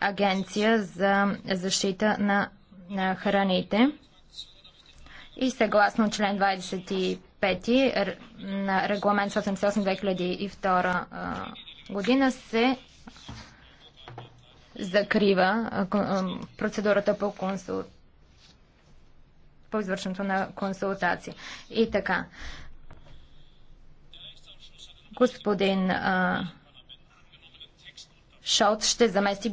агенция за защита на, на храните. И съгласно член 25 на регламент 188-2002 година се закрива процедурата по консул... по извършването на консултации. И така. Господин Шолт ще замести